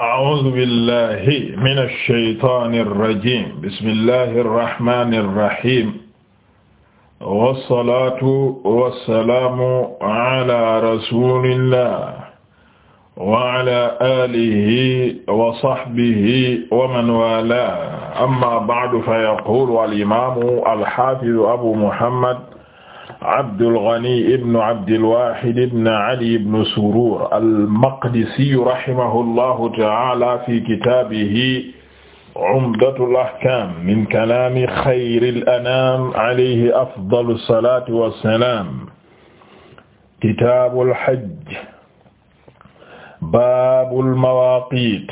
a'uuzu billahi mina shaytaani rajiim bismillahi rahmaani rahiim wasalaatu wasalaamu ala rasulillah wa ala aalihi wa sahbihi wa man waalaahu amma ba'du fa yaquulu al imaamu al haafizu abu muhammad Abdul Ghani ibn Abdil Wahid ibn Ali ibn Surur al-Maqdisi rahimahullahu ta'ala fi kitabihi Umdatul Ahkam min kalami khayril anam alayhi afdalus salatu wassalam kitabul hajj babul mawaqit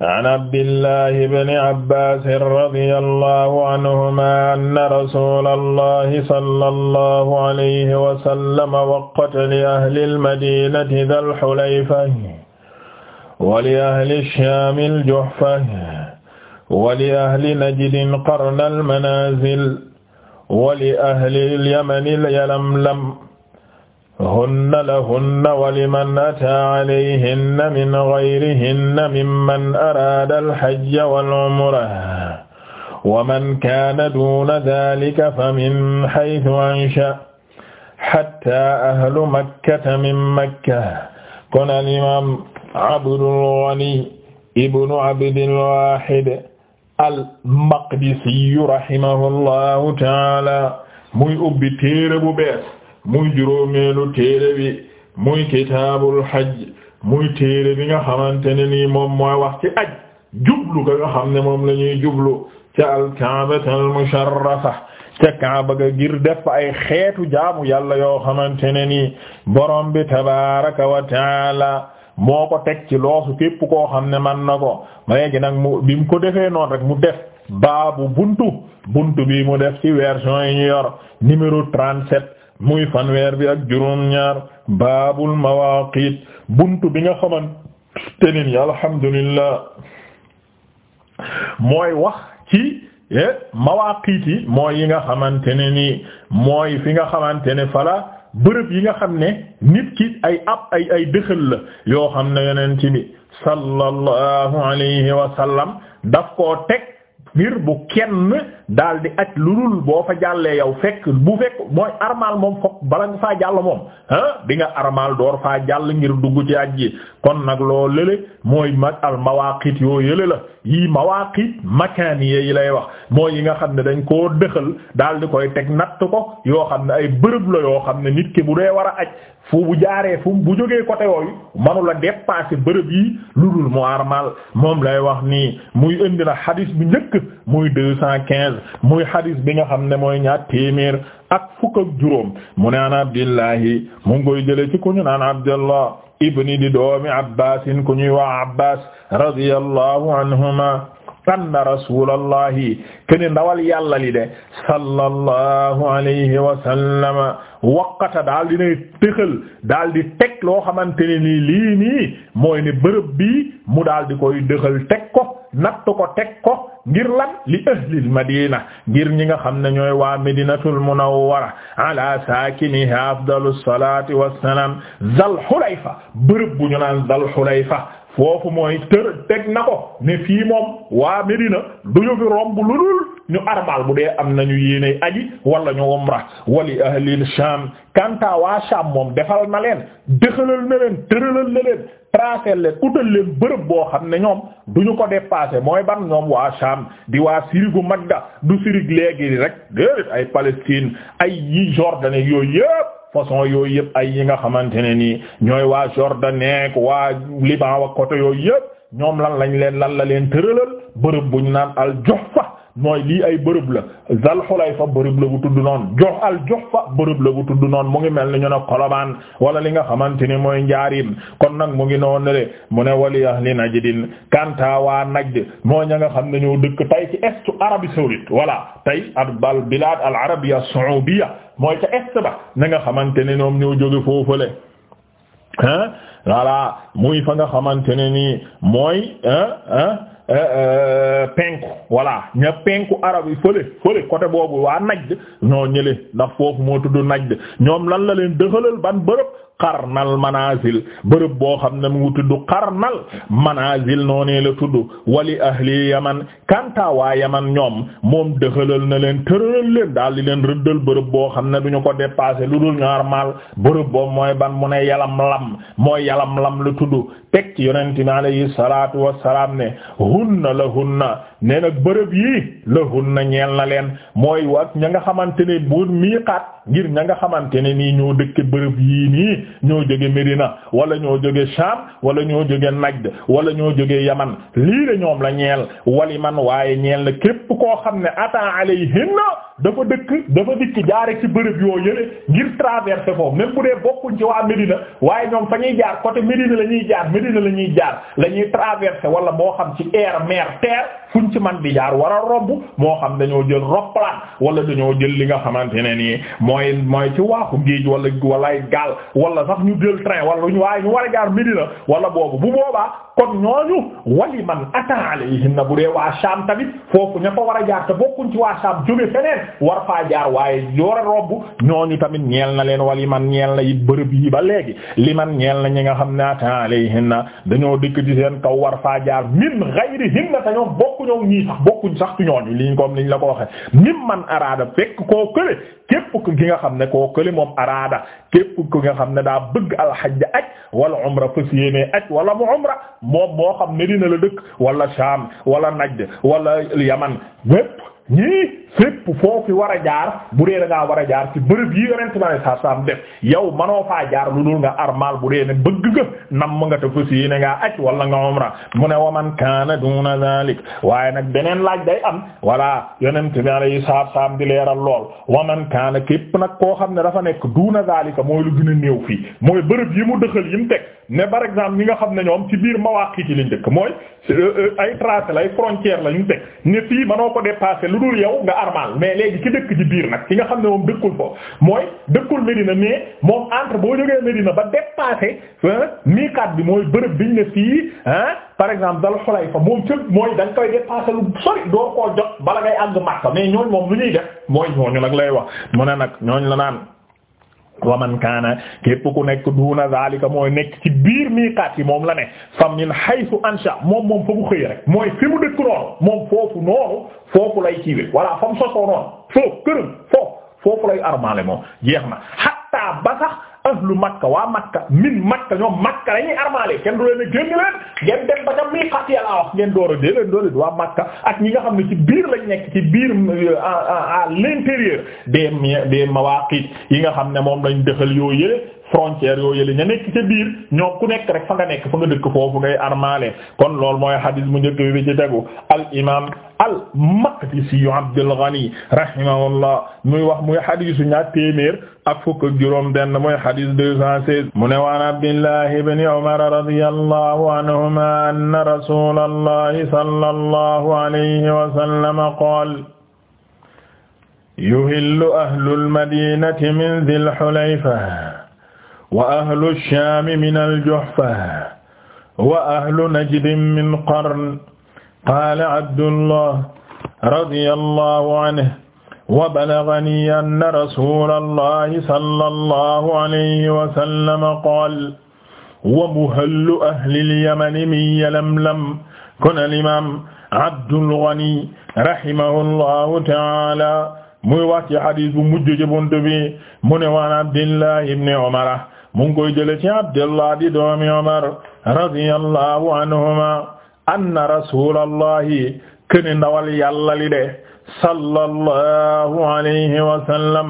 an abdillahi bni abbasin radi allahu anhuma anna rasula allahi sala allahu alayhi wasallama waqata li ahli almadinati da alxulayfa wa li ahli shaami aljuhfa wa li ahli najdin qarna almanazil wa li ahli alyamani alyalamlam hunna lahunna wa liman ataa alayhinna min ghayrihinna mimman araada alhajja wal umrata wa man kaana duuna daalika fa min haythu ansha'a hattaa ahlu makkata min makka kon al-imaam Abdul Ghani ibnu Abdil Waahid al-Maqdisi rahimahullahu ta'aala muy ubbi téere bu bees muy juróomeelu téere bi muy kitaabul hajj muy téere bi nga xamante ne nii moom mooy wax ci aj jublu ka nga xam ne moom la ñuy jublu ca alkaabatal musharrafa ca kaaba ga ngir def ay xeetu jaamu yàlla yoo xamante ne nii borom bi tabaaraka moo ko teg ci loosu képp koo xam ne man na ko léegi nag mu bi ko defee noonu rek mu def baabu buntu buntu bi mu def ci version yi ñu yor numéro 37 muy fanweer bi ak juróom-ñaar baabul mawaqit buntu bi nga xaman ne ni alhamdulillah mooy wax ci eh, mawaqit yi mooy yi nga xamante ne nii mooy fi nga xamante ne fala bërëb yi nga xam ne nit ki ay ab ay ay la yoo xam ne yonent bi sallallahu alayhi wa daf koo teg. ngir bu kenn daal di aj lu dul boo fa jàllee yow fekk bu fekk mooy armal moom fokk bala faa jàll moom ah di nga armal door faa jàll ngir dugg ci aj ji kon nag loo lële mooy mag al yoo yële la yii mawaqit makaaniye yi lay wax mooy yi nga xam ne dañ koo dëxal daal di koy teg natt ko yoo xam ne ay bërëb la yoo xam ne nit ki bu dee war a aj fu bu jaaree fu bu jógee côté yooyu manula dépasser bërëb yi lu dul mu armal moom lay wax nii muy indi na hadis njëkk muy deux cent quinze muy hadis bi nga xam ne mooy ñaar téeméer ak fukk ak juróom mu ne an abdillahi mu ngi koy jële ci ku ñu naan abdallah ibni di doomi abbasin ku a waa abbas radiyallahu anhuma anna rasulallahi kene ndawal yàlla li de sallallahu alayhi wa sallama waqata a dinay tëxal daal di teg loo xamante ne nii lii nii mooy ne bërëb bii mu daal di koy dëxal teg natt ko teg ko ngir lan li ahlil madina ngir ñi nga xam ne ñooy waa madinatul munawwara ala saakiniha afdalus salaati wassalaam zal xulayfa bërëb bu ñu naan zal xulayfa foofu mooy tër teg na ko ne fii moom waa Medina du ñu fi romb lu dul ñu armal bu dee am nañu yéenay aji wala ñu umra wali ahlil Sham kanta waa Sham moom defal na leen dëxalal na leen tëralal na leen tracé leen utal leen bërëb boo xam ne ñoom du ñu ko dépassé mooy ban ñoom waa Sham di waa sirigu Magda du sirig léegi rek déedéet ay Palestine ay yi Jordanie yooyu yëpp façon yooyu yëpp ay yi nga xamante ne nii ñooy waa Jordan nekk waa Liban wa côté yooyu yëpp ñoom lan lañ leen lan la leen tëralal bërëb buñ naan al Juhfa mooy lii ay bërëb la Zal Xulayfa bërëb la bu tudd noonu jox al jox fa bërëb la bu tudd noonu mu ngi mel ni ñu ne Kolobaan wala li nga xamante ni mooy Njaarim kon nag mu ngi noonu le mu ne wali ahli Najdin kanta waa Najd moo ña nga xam ne ñoo dëkk tay ci estu Arabie saoudite voilà tey al bilad al arabiyya saoudiya mooy ca est ba na nga xamante ne ñoom ñoo jóge foofale hein voilà muy fa nga xamante ne nii mooy hein hein Euh, euh, penku voilà ña penku arab yi fële fële côté boobu waa Najd ñoo ñële ndax foofu moo tudd Najd ñoom lan la leen dëxalal ban bërëb qarnal manazil bërëb boo xam ne mu ngi tudd qarnal manazil noonee la tudd wali ahli yaman kanta waa yaman ñoom moom dëxalal na leen tëralal leen daal di leen rëddal bërëb boo xam ne duñu ko dépasser lu dul normal bërëb boobu mooy ban mu ne yalam lam mooy yalam lam la tudd teg ci yonent mi alayhi salaatu wassalaam ne hunna la na nee nag bërëb yi la na ñeel na leen mooy wax ña nga xamante ne bu miiqaat ngir ña nga xamante ne nii ñoo dëkk bërëb yii ñoo jóge Médina wala ñoo jóge Sham wala ñoo jóge Najd wala ñoo jóge Yaman lii la ñoom la ñeel wali man waaye ñeel na képp koo xam ne ata alayhinna dafa dëkk dafa dikk jaare ci bërëb yoo yële ngir traversé foofu même bu dee bokkuñ ci waa Médina waaye ñoom fa ñuy jaar côté Médina la ñuy jaar Médina la ñuy jaar lañuy ñuy traversé wala moo xam ci air mer terre ñu ci man bi jaar war a romb moo xam dañoo jël roppalaan wala dañoo jël li nga xamante ne nii mooy mooy ci waaxu géej wala walay gaal wala sax ñu jël train wala ñu waaye ñu war a jaar Médina wala boobu bu boobaa kon ñooñu wali man ata alayhim na bu dee waa Sham tamit foofu ña fa war a jaar te bokkuñ ci waa Sham jóge feneen war faa jaar waaye yor ñooñu tamit ñeel na leen wala man ñeel na it bërëb yi ba léegi li man ñeel na ñi nga xam ne ata alayhinna dañoo dikk ci seen kaw war faa jaar min ghayrihinna te ñoom bokkuñoo ñii sax bokkuñ sax ci ñooñu liñ comme niñ la ko waxe mim man araada fekk koo kële képp ki nga xam ne ko kële moom araada képp ku nga xam ne daa bëgg alxajja aj wala umra fas yéenee wala mu umra moom moo xam ne dina la dëkk wala Sham wala Najd wala Yaman wépp ñii fépp foofu war a jaar bu dee da ngaa war a jaar ci bërëb yi yonent bi alayhi salaam def yow manoo faa jaar lu dul nga armal bu dee ne bëgg nga nam nga te fas yéene ngaa aj wala nga umra mu ne waman kaana duna zalik waaye nag beneen laaj day am yoneen voilà yonent bi alayhi salaam di leeral lool waman kaana képp nag koo xam ne dafa nekk duna zalika mooy lu gën a néew fii mooy bërëb yi mu dëxal yi mu teg ne par exemple ñi nga xam ne ñoom ci biir mawaqit yi lañ dëkk mooy euh, euh, ay tracé lay frontière la dul yow nga armal mais léegi ci dëkk ci biir nag ki nga xam ne moom dëkkul foofu mooy dëkkul Medina mais moom entre boo jógee Medina ba dépassé miiqaat bi mooy bërëb biñ ne fii ah par exemple dal Xulayfa moom cël mooy da nga koy dépassé lu sori doo koo jot bala ngay àgg Makka mais ñooñ moom lu ñuy def mooy ñooñu nag lay wax mu ne nag ñooñ la naan wa man kaana képp ku nekk duuna zalika mooy nekk ci biir miiqaat yi moom la ne fa min haythu ansha moom moom fa mu xëy rek mooy fi mu dëkk noonu moom foofu noonu foofu lay kiiwe voilà fa mu sosoo noonu foofu këram foofu foofu lay armaale moom jeex na hatta ba sax ahlu makka waa makka min makka ñoom makka lañuy armaale kenn du leen ne génn leen ngeen dem ba ca miiqaat ya laa wax ngeen door a dee leen dooleen waa makka ak ñi nga xam ne ci biir lañ nekk ci biir euh, à l'intérieur des des mawaqit yi nga xam ne moom lañ dëxal yoo yële frontière yoo yële ña nekk ca biir ñoo ku nekk rek fa nga nekk fa nga dëkk foofu armaale kon loolu mooy xadis mu njëkk bi ci tegu al imam al maqdisi abdul ghani rahimahullah muy wax muy xadisu ñaar téeméer ak fukk ak juróom benn mooy xadis deux cent seize mu ne waan abdillah ibn umar radiyallahu anhuma anna rasulallahi sallallahu alayhi wa sallam qaala yuhillu ahlul madinati min dhil hulayfa wa ahlu Shaam min al-Juhfa wa ahlu Najd min Qarn qaala Abdullah radiyallahu anhu wa balaghanii anna rasuulallahi sallallahu alayhi wa sallam qaala wa muhallu ahli al-Yamani min Yalamlam kon al-imaam Abdul Ghani rahimahullahu ta'aala muy wax ci hadiis bu mujj ci bunt bi mu ne waan Abdullah ibn Umar mu ngi koy jële ci doomi Umar radiyallahu anhuma anna rasulallahi këni ndawal yàlla li de sallallahu alayhi wa sallam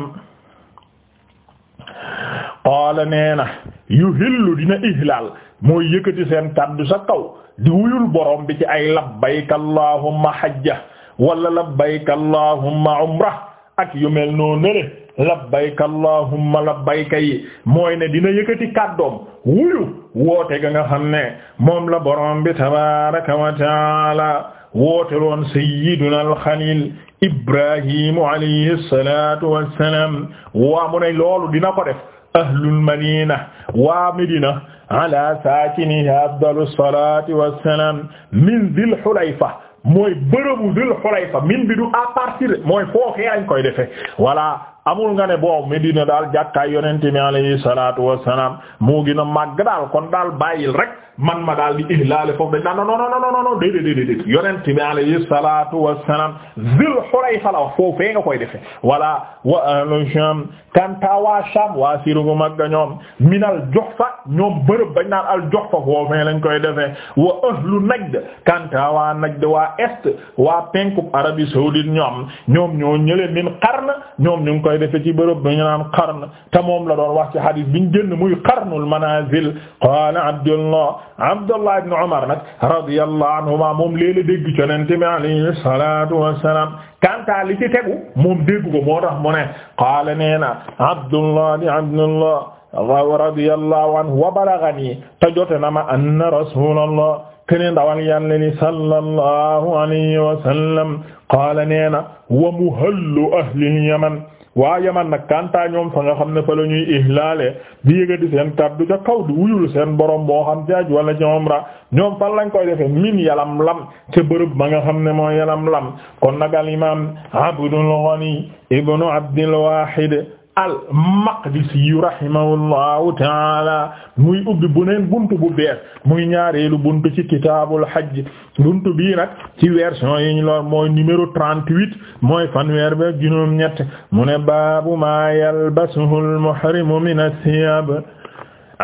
qaala nee na dina ihlaal mooy yëkkati seen kàddu sa kaw di wuyul borom bi ci ay labbayka allahumma hajja wala labbayka allahumma umra ak yu mel noo nere labbayka allahumma labbayka yi mooy ne dina yëkkati kàddoom wuyu woote ga nga xam ne moom la borom bi tabaraka wa taala woote loon sayyiduna alxalil ibrahimu alayhi salatu wassalam waa mu ne loolu dina ko def ahlul madina waa madina ala saakiniha afdalu salati wassalam min dil hulayfa mooy bërëbu dil hulayfa min bi du à partir mooy foofee lañ koy defe wala amul nga ne boobu Medina daal jàkkaay yonente mi alayhi salaatu wassalaam moo gën a màgg daal kon daal bàyyil rek man ma daal di ihlaale foofu dañ naan non non non non non déedéet déedéet yonente mi alayhi salaatu wassalaam Zul Hulayfa la wax foofee nga koy defe voilà wa ahlu Sham kanta waa Sham waa sirigu magga ñoom minal Juhfa ñoom bërëb bañ naan al Juhfa foofee lañ koy defe wa ahlu Najd kanta waa Najd waa est waa penku Arabie saoudite ñoom ñoom ñoo ñële min qarn ñoom ñu koy defe ci bërëb bi ñu naan qarn te moom la doon wax ci hadis biñ génn muy qarnul manazil qaala abdullah abdullah ibn umar nag radiyallahu anhuma moom léeg-la dégg conente bi alayhi salatu wassalam kanta li ci tegu moom dégg ko moo tax mu ne qaala nee na abdullah di abdullah radiyallahu anhu wa balaghani te jote na ma anna rasulullah kene ndawal yàlla ni sallallahu alayhi wa sallam qaala nee na wa muhallu ahli yaman waa yaman nag kanta ñoom fa nga xam ne fa la ñuy ihlaale di yëgati seen kaddu ca kaw di wuyul seen borom boo xam jaaj aj wala ci umra ñoom fan lañ koy defe min yalam lam ca bërëb ma nga xam ne mooy yalam lam kon nag al imam Abdul Ghani ibnu Abdul Wahid al-Maqdisi rahimahullahu taala muy ubbi buneen buntu bu bees muy ñaareelu buntu ci kitaabul hajj buntu bii nag ci version yi ñu lool mooy numéro 38 mooy fanweer ba juróom ñett mu ne baabu maa yalbasuhu al-muhrimu min ath-thiyaab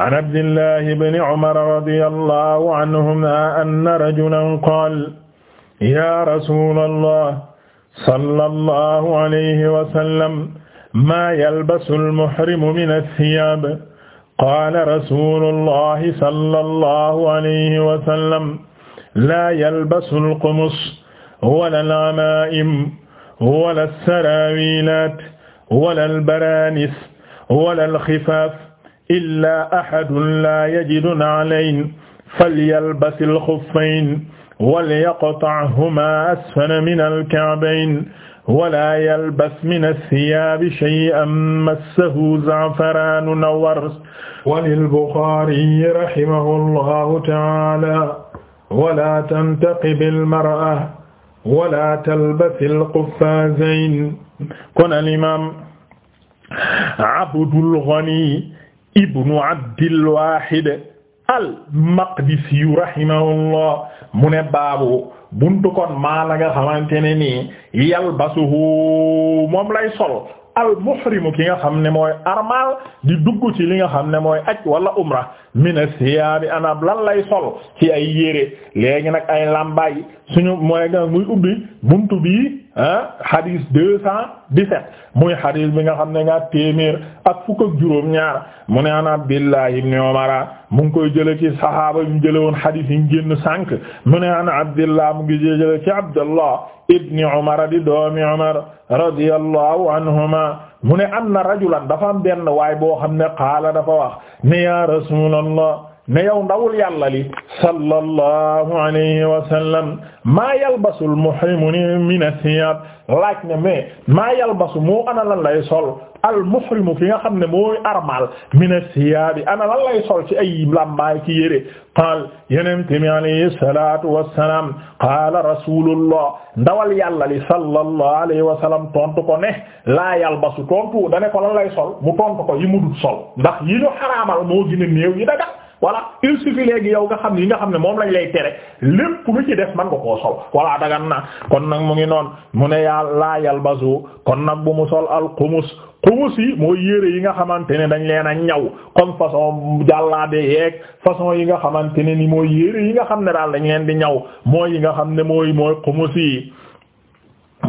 an Abdillahi ibni Umar radiyallahu anhumaa anna rajulan qaala yaa rasuulallah sallallahu alayhi wa sallam maa yalbasu almuhrimu min athiyaab qaala rasulullahi sallallahu alayhi wa sallam laa yalbasu alqumus wala alamaa'im wala alsaraawilaat wala albaraanis wala alxifaaf illaa ahadun laa yajidu na'layn falyalbas alxuffayn walyaqta'humaa asfala min alka'bayn wala yalbas min athiyaabi shay'an massahu za'faraanun aw ars walil Buxaari rahimahullahu ta'aala wala tantaqib al-mar'a wala talbas al-quffaazayni kon al-imaam Abdul Ghani ibnu Abdil Waahid al-Maqdisi rahimahullah mu ne baabu buntu kon maa la nga xamante ne nii yalbasuhu moom lay sol al muhrimu ki nga xam ne mooy armal di dugg ci li nga xam ne mooy aj wala umra mina siyaabi anab lan lay sol ci ay yére léegi nag ay lambaay suñu mooy nga muy ubbi buntu bi xadis deux cent dix-sept muy xadis bi nga xam ne nga téeméer ak fukk ak juróom ñaar mu ne an Abdillah ibn Umar mu ngi koy ki ci saxaaba yu jële woon xadis yi ñu génn sànq mu ne an Abdillah mu ngi jële ci Abdallah ibn Umar di doomi Umar radiyallahu anhuma mu ne anna rajulan dafa am benn waay boo xam ne qaala dafa wax ne ya rasulallah ne yow ndawul yàlla li sallallahu alayhi wa sallam maa yalbasul muhrimu min athiyab laaj ne mais maa yalbasu ana lan lay sol al muhrimu ki nga xam ne mooy armal min athiyab ana lan lay sol ci ay lambaay ci yére qaal yenente mi ndawal yàlla li sallallahu alayhi wa sallam tontu ko ne laa yalbasu mu tontu ko yi sol ndax yi ñu xaraamal moo a néew yi voilà il suffit léegi yow nga xam ne yi nga xam ne moom lañ lay tere lépp lu ci def man nga koo sol voilà dagan na kon nag mu ngi noon mu ne yaa laa yalbasu kon nag bu mu sol al xumus xumus yi mooy yére yi nga xamante ne dañ leen a ñaw comme façon jàllaabe yeeg façon yi nga xamante ne ni mooy yére yi nga xam ne daal dañ leen di ñaw mooy yi nga xam ne mooy mooy xumus yi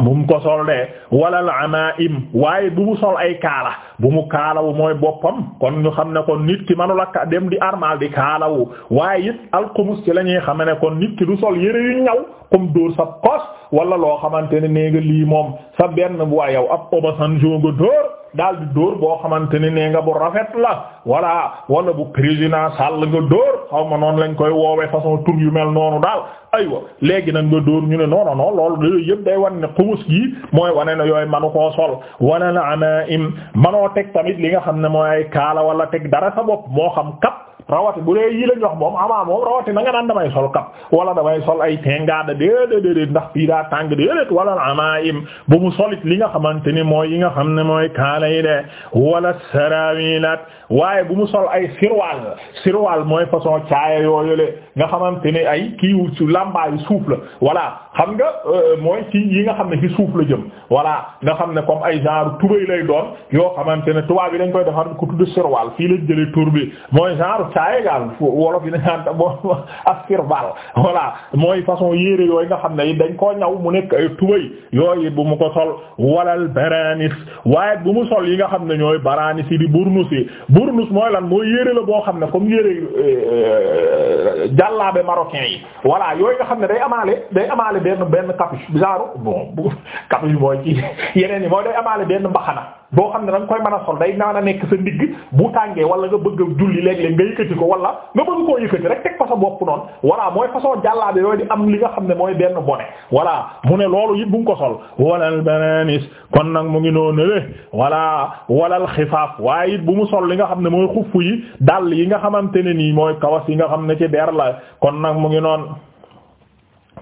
bu mu ko sol de walal amaim waaye bu mu sol ay kaala bu mu kaala wu mooy boppam kon ñu xam ne kon nit ki manula ka dem di armal di kaalawu waaye it alxumus ci la ñuy xam kon nit ki du sol yére yu ñaw comme dóor sa kos wala loo xamante ne nee lii moom sa benn waa yow ab Obasanjo nga dóor daal di dóor boo xamante ne nee nga bu rafet la walla wala bu président Sall nga dóor xaw ma noonu lañ koy woowee façon tur yu mel noonu daal aywa léegi nag nga dóor ñu ne non non loolu yooyu yëpp day wan ne xumus gi mooy wane na yooyu manu ko sol wane na ana im manoo teg tamit li nga xam ne mooy ay kaala wala teg dara sa bopp moo xam kap rawati bu dee yi lañ wax moom amaa moom rawati na nga naan damay sol kap wala damay sol ay tengaada déedéet ndax fii daa tàng déedéet wala amaa im bu mu solit li nga xamante ni mooy yi nga xam ne mooy kaala yi de wala sarawilat waaye bu mu sol ay sirwaal sirwaal mooy façon caaya yooyu le nga xamante ni ay kii su lambaayu suuf la voilà xam nga euh, mooy ci yi nga xam ne ci suuf la jëm voilà nga xam ne comme ay genre tubéy lay doon yoo xamante ne tubaab yi dañ koy defar ku tudd fii lañ tur bi mooy genre taaya gaal wolof yi dañu naan boo askir bal voilà mooy façon yére yooyu nga xam ne dañ koo ñaw mu nekk ay tubay yooyu bu mu ko sol walal baranis waaye bu mu sol yi nga xam ne ñooy baranis yi di burnus yi burnus mooy lan mooy yére la boo xam ne comme yére euh, jàllaabe marocain yi voilà yooyu nga xam ne day amaale day amaale benn benn capuche bizarre bon capuche mooy ci yeneen yi mooy day amaale benn mbaxana boo xam ne da koy mën a sol day naan a nekk sa ndigg bu tàngee wala nga bëgg a julli léeg-léeg nga yëkkati ko wala nga bëgg koo yëkkati rek teg ko sa bopp noonu voilà mooy façon jàllaabe yooyu di am li nga xam ne mooy benn bone voilà mu ne loolu it bu nga ko sol walal bananis kon nag mu ngi noonu le voilà walal xifaaf waaye it bu mu sol li nga xam ne mooy xuff yi dàll yi nga xamante ne nii mooy kawas yi nga xam ne ci der la kon nag mu ngi noonu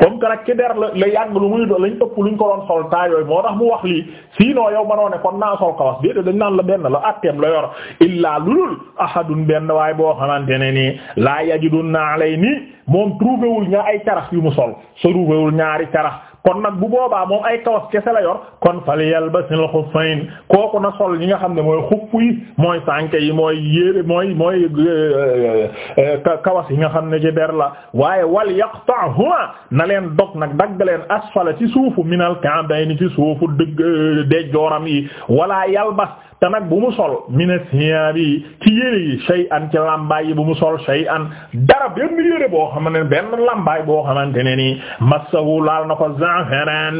comme que nag ci der la la yàgg lu muy do lañ ëpp luñ ko doon sol taa yooyu moo tax mu wax lii sinon yow ma ne kon naa sol kawas déedéet dañ naan la benn la atteem la yor illaa lulul ahadun benn waaye boo xamante ne nii laa yajidun naa lay nii moom trouvéwul ñaa ay carax yu mu sol sa trouvéwul ñaari carax kon nag bu boobaa moom ay kawas kese la yor kon fal yalbasil xuffayn kooku na sol ñi nga xam ne mooy xuff yi mooy sànke yi mooy yére mooy mooy euh, euh, kawas yi nga xam ne ci der la waaye wal yaqta'huma na leen dog nag dagg leen asfala ci suufu minal ka'bayni ci suufu dëgg euh, dejjooram yi wala yalbas te nag bu mu sol mina siyaabi ci yére yi shay'an ci lambaay yi bu mu sol shay'an dara benn yére boo xam ne benn lambaay boo xamante ne nii massahu laal na za'faran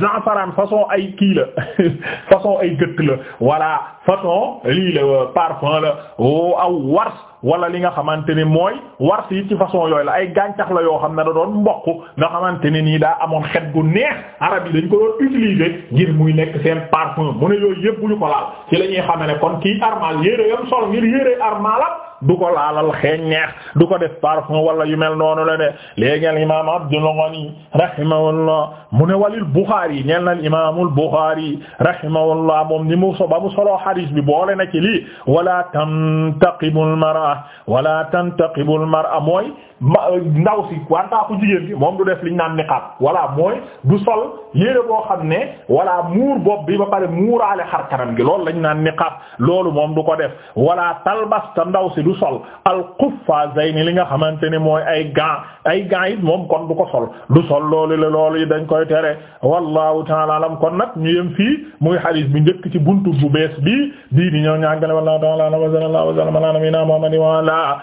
za'faran façon ay kii la façon ay gëtt la wala façon lii la euh, parfum la o oh, aw wars wala li nga xamante ne mooy wars yi ci façon yooyu la ay gàncax la yoo xam ne da doon mboq nga xamante ne nii daa amoon xet gu neex arab yi dañ ko doon utiliser ngir muy nekk seen parfum mu ne yooyu yëpp bu ñu ko laal ci la ñuy kon kii armal yére yam sol ngir yére armal du ko laalal xeeñ du ko def parfum wala yu mel noonu la de léegi al imam Abdul Ghani rahimahullah mu ne walil Bukhari ñeel na al imamul Bukhari rahimahullah moom ni mu so ba mu solo hadis bi boole na ci lii wala tantaqibul mar'a wala tantaqibul mar'a mooy ndaw si wantaa ku jigéen bi moom du def liñ naan niqaab voilà mooy du sol yére boo xam ne walaa muur bopp bi ba pare muuraale xar kanam gi loolu lañ naan niqaab loolu moom du ko def walaa talbas ta ndaw si du sol al quffazayni li nga xamante ne mooy ay gants ay gants it moom kon du ko sol du sol loolu la loolu yi dañ koy tere wallahu ta'ala alam kon nag ñu yem fii muy hadith bi njëkk ci buntu bu bees bi bii di ñëw ñaangale wallahu ta'ala wa sallallahu wa sallama ala nabiyyina muhammadin wa ala